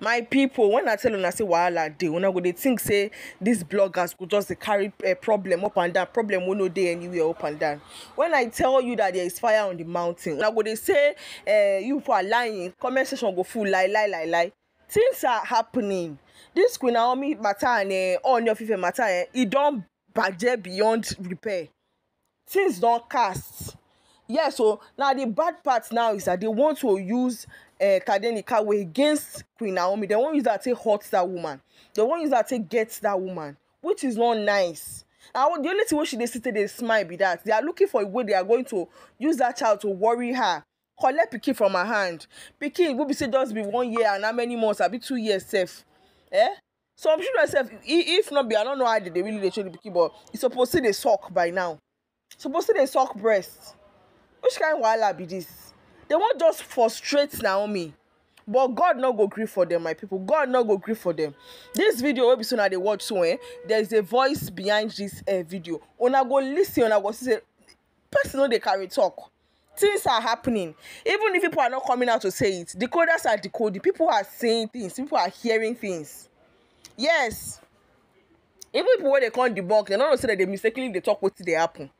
my people, when i tell una say wahala dey una go dey think say "These bloggers go just dey carry eh, problem up and down problem wey no dey anywhere up and down When i tell you that there is fire on the mountain una go dey say eh, you for lying comment section go full lie lie lie lie things are happening This queen naomi matter and eh, Ooni of Ife matter eh e don baje beyond repair things don cast yes o na the bad part now is that they want to use uh, eh, Kadeni Kawe against Queen Naomi. They won't use that to hurt that woman. They won't use that to get that woman, which is not nice. And the only thing she they sit they smile be that they are looking for a way they are going to use that child to worry her. Collect Piki from her hand. Piki, will be say just be one year and how many months, I'll be two years safe. Eh? So I'm sure myself. if not be I don't know how they, really dey show the pikin but e suppose say dey suck by now. Suppose say dey suck breast. Which kind of wahala be this? They won't just frustrate naomi but god no go gree for them, my people. god no go gree for them. This video wey be so una dey watch so eh there is a voice behind this uh, video una go lis ten una go see say person no dey carry talk things are happening even if people are not coming out to say it decoders are decoding people are saying things people are hearing things yes even people wey dey come debunk dem no know say dem dey mistakenly dey talk wetin dey happen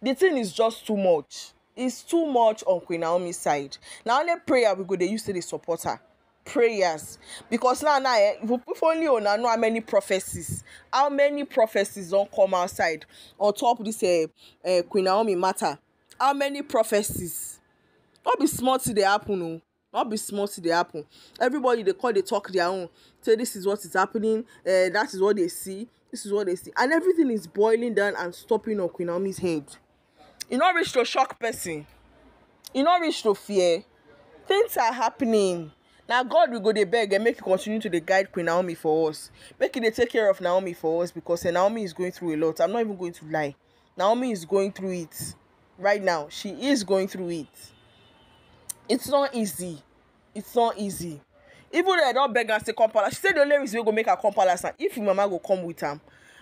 the thing is just too much is too much on queen naomi side na only prayer we go dey use to dey support her prayers because now now eh if only una know how many prophecies how many prophecies don come outside on top this eh, eh, queen naomi matter how many prophecies no be small thing dey happen o oh. no be small thing dey happen everybody dey call dey talk their own say this is what is happening eh, that is what they see this is what they see and everything is boiling down and stopping on queen naomi's head e no reach to shock person e no reach to fear things are happening na god we go dey beg and make he continue to dey guide queen naomi for us make he dey take care of naomi for us because eh naomi is going through a lot i'm not even going to lie naomi is going through it right now she is going through it it's not easy it's not easy even though i don beg am say come palace she say the only reason wey go make her come palace na if im mama go come with am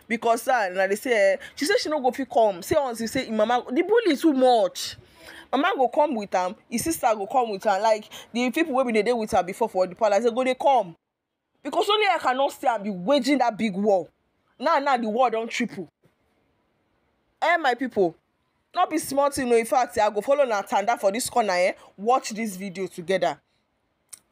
because ah na dey say eh she say she no go fit come say until say im mama the bully too much mama go come with am His sister go come with am like the people wey bin dey dey with her before for the palace dey go dey come because only i cannot stay and be waging that big war now now the war don triple eh my people no be small thing o in fact i go follow na tanda for this corner eh watch this video together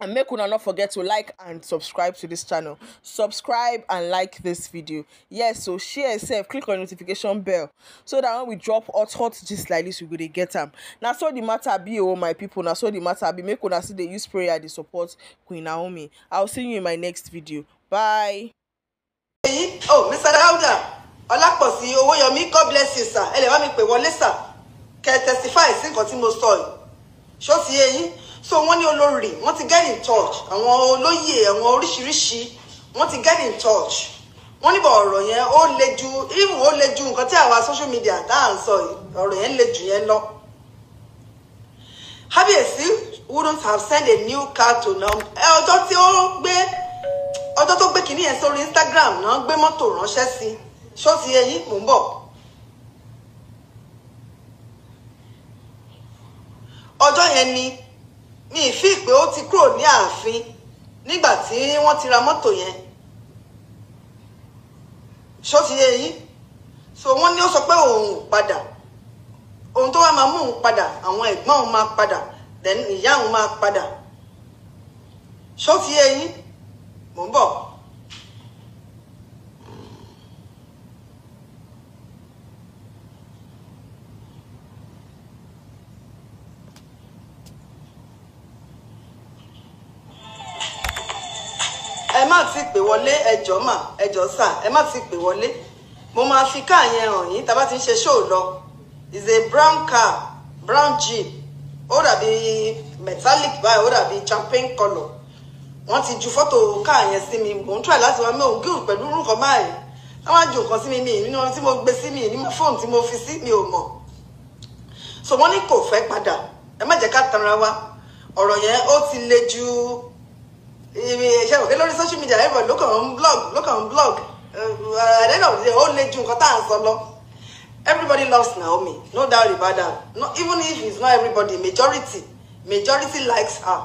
and make una not forget to like and subscribe to this channel subscribe and like this video yes so share yourself click on notification bell so that when we drop hot hot just like this we go dey get them. Now, so the matter be oh my people Now, so the matter be make una still dey use prayer The support Queen Naomi i'll see you in my next video bye. oh mr dauda ọlápọ̀sí owóyọmí god bless you sir ẹ lè wá mi pè wọlé sir kẹ́ testify sí nǹkan tí mo sọ yìí ṣó ti yé so wọ́n ní olórí wọ́n ti get in touch àwọn olóyè àwọn oríṣiríṣi wọ́n ti get in touch wọ́n níbọ̀ ọ̀rọ̀ yẹn ó le ju even ó le ju nǹkan tí àwa social media tá à ń sọ yìí ọ̀rọ̀ yẹn le jù yẹn lọ. Kábíyèsí wouldn't have sent a new car to nam ọjọ́ tí ó gbé ọjọ́ tó gbé kínní yẹn sórí Instagram náà gbé mọ́tò ránṣẹ́ sí ṣọ́ọ̀tì ẹyin mò ń bọ̀. ọjọ́ yẹn ni mi ì fi pé ó ti kúrò ní ààfin nígbà tí wọ́n ti ra mọ́tò yẹn ṣó ti yé yín so wọ́n ní ó sọ pé òun ò padà ohun tó wá máa mú òun padà àwọn ẹ̀gbọ́n òun máa padà then ìyá òun máa padà ṣó ti yé yín mò ń bọ̀ má fi pè wọlé ẹjọ́ mà ẹjọ́ sà ẹ má fi pè wọlé mo máa fi káà yẹn hàn yín tá a bá ti ń ṣe ṣóò lọ is a brown car brown jeep ó dàbí metallic báyìí ó dàbí champagne colour wọ́n ti ju fọ́tò káà yẹn sí mi mò ń try láti wá mi ò gíw pẹ̀lú orúkọ báyìí wọ́n á ju nǹkan sí mi mi nínú tí mo gbé sí mi nínú fóònù tí mo fi sí mi ò mọ̀ so wọ́n ní kò fẹ́ padà ẹ má jẹ́ ká tanra wa ọ̀rọ̀ yẹn ó ti le ju ibi iṣẹ́ òkè lórí social media ẹ̀rọ ló blog ló kàn blog àdéhùn ọ̀dẹ ó lè ju nǹkan tá à ń sọ lọ everybody loves Naomi no doubt about that no, even if it's not everybody majority majority likes her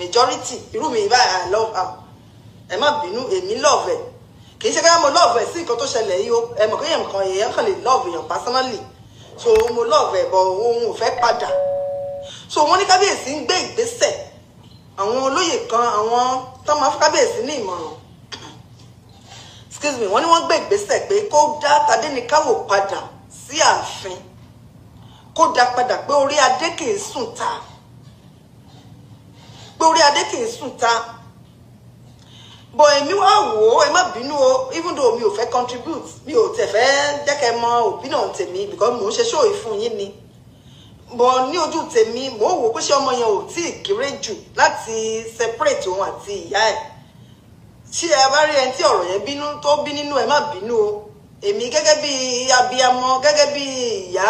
majority irú mi ibà i love her ẹ má bínú èmi love ẹ kì í ṣe pé mo love ẹ sí nǹkan tó ṣẹlẹ̀ yìí o ẹ mọ̀ pé èèyàn kan èèyàn kan lè love èèyàn personally so mo love ẹ bọ̀ òun ò fẹ́ padà so wọ́n ní kábíyèsí ń gbé ìgbésẹ̀ àwọn olóyè kan àwọn tó máa fábíyèsí ní ìmọ̀ràn excuse me wọ́n ní wọ́n gbé ìgbésẹ̀ pé kó dá Tadéníkàwò padà sí ààfin kó dá padà pé orí adé kì í sùn ta pé orí adé kì í sùn ta bọ̀ èmi wá wò ó ẹ má bínú o even though mi ò fẹ́ contribute mi ò tẹ̀ fẹ́ jẹ́ kẹ́ mọ òbí náà tèmi because mò ń ṣe show ìfún yín ni bọ̀ ní ojú tèmi mò ń wò pé ṣé ọmọ yẹn ò tí ì kéré jù láti separate òun àti ìyá ẹ̀ tí ẹ bá rí ẹni tí ọ̀rọ̀ yẹn bínú tó bí nínú ẹ má bínú o èmi gẹ́gẹ́ bí abiyamọ gẹ́gẹ́ bí ìyá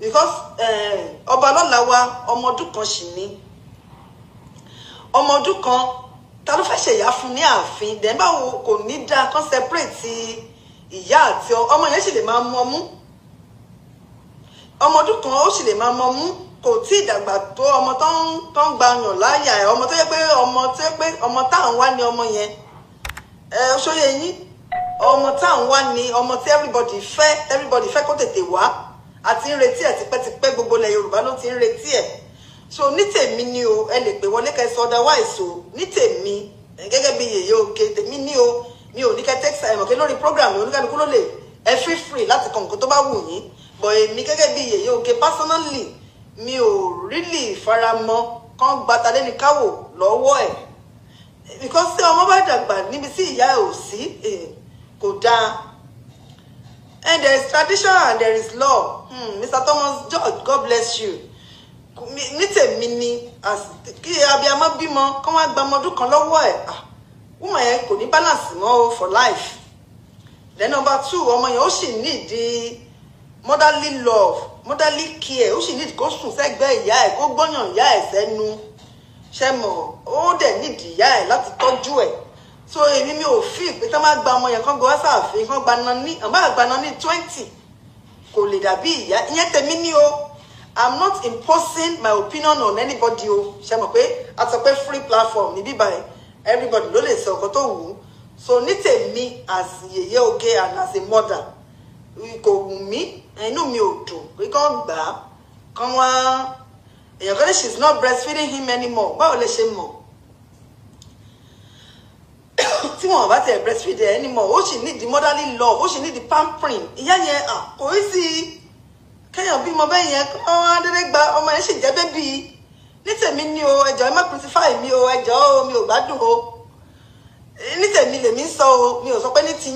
because eh, ọba lọ́la wa ọmọ ọdún kan sì ni ọmọ ọdún kan ta ló fẹ́ ṣèyá fún ní ààfin dẹ́n báwo kò ní dáa kan separate ìyá àti ọmọ yẹn sì lè máa mú ọmú ọmọ ọdún kan ó sì lè máa mọ mú kò tí ì dàgbà tó ọmọ tó ń tó ń gba yàn láyà ẹ ọmọ tó yẹ pé ọmọ tó yẹ pé ọmọ tá à ń wá ní ọmọ yẹn ẹ ṣóyè yín ọmọ tá à ń wá ní ọmọ tí everybody fẹ́ everybody fẹ́ kó tètè wá àti ń retí ẹ̀ tipẹ́tipẹ́ gbogbo ilẹ̀ Yorùbá ló ti ń retí ẹ̀ so ní tèmi ni o ẹ lè pè wọlé kẹsàn otherwise o ní tèmi gẹ́gẹ́ bí yèyé òkè tèmi ni o mi ò ní kẹ́ tẹ́kisà ẹ̀mọ̀kẹ́ lórí program oníkálukú ló lè ẹ free free láti kàn nǹkan tó bá wù yín bọ̀ èmi gẹ́gẹ́ bí yèyé oge personally mi ò really faramọ́ kán gbata lẹ́ni káwò lọ́wọ́ ẹ̀ because tí ọmọ bá dàgbà níbi tí ìyá ẹ̀ ò sí eh, kò dáa and there is tradition and there is law hmm, Mr. Thomas George God bless you ní tèmi ni kí abiyamọ bímọ kán wá gba ọmọ ọdún kan lọ́wọ́ ẹ̀ ah, wúmọ yẹn kò ní balance mọ́ for life then number two ọmọ yẹn ó sì ní ìdí motherly love motherly care ó sì ní kó sùn sẹ́gbẹ́ ìyá ẹ̀ kó gbọ́yàn ìyá ẹ̀ sẹ́nu ṣe mọ̀ ó dẹ̀ nídìí ìyá ẹ̀ láti tọ́jú ẹ̀ so èmi mi ò fi ìpè tán bá gba ọmọ yẹn kán gbọ́ sáàfin kán gba nani àmọ́ àgbà nani twenty kò lè dàbí ìyá ìyẹn tèmi ní o i'm not imposing my opinion on anybody o ṣe mọ̀ pé a sọ pé free platform ní bíbá ẹ̀ everybody ló lè sọ ọkọ tó wù ú so ní tèmi as yèyé oge and as a mother kò wù mí inú mi ò dùn pé kán gbà á kán wá èèyàn kan ní she is not breastfeeding him anymore báwo lè ṣe mọ̀ tí wọn bá tẹ breastfeed ẹ anymore ó sì need the motherly love ó sì need the pampering ìyá yẹn kò í sí kéèyàn bímọ bẹ́ẹ̀ yẹn kọ́ adéré gba ọmọ yẹn sì jẹ́ bébí ní tèmi ni o ẹjọ́ ẹ má crucify mi o ẹjọ́ o mi ò gbádùn o ní tèmi lèmi ń sọ o mi ò sọ pé ní ti.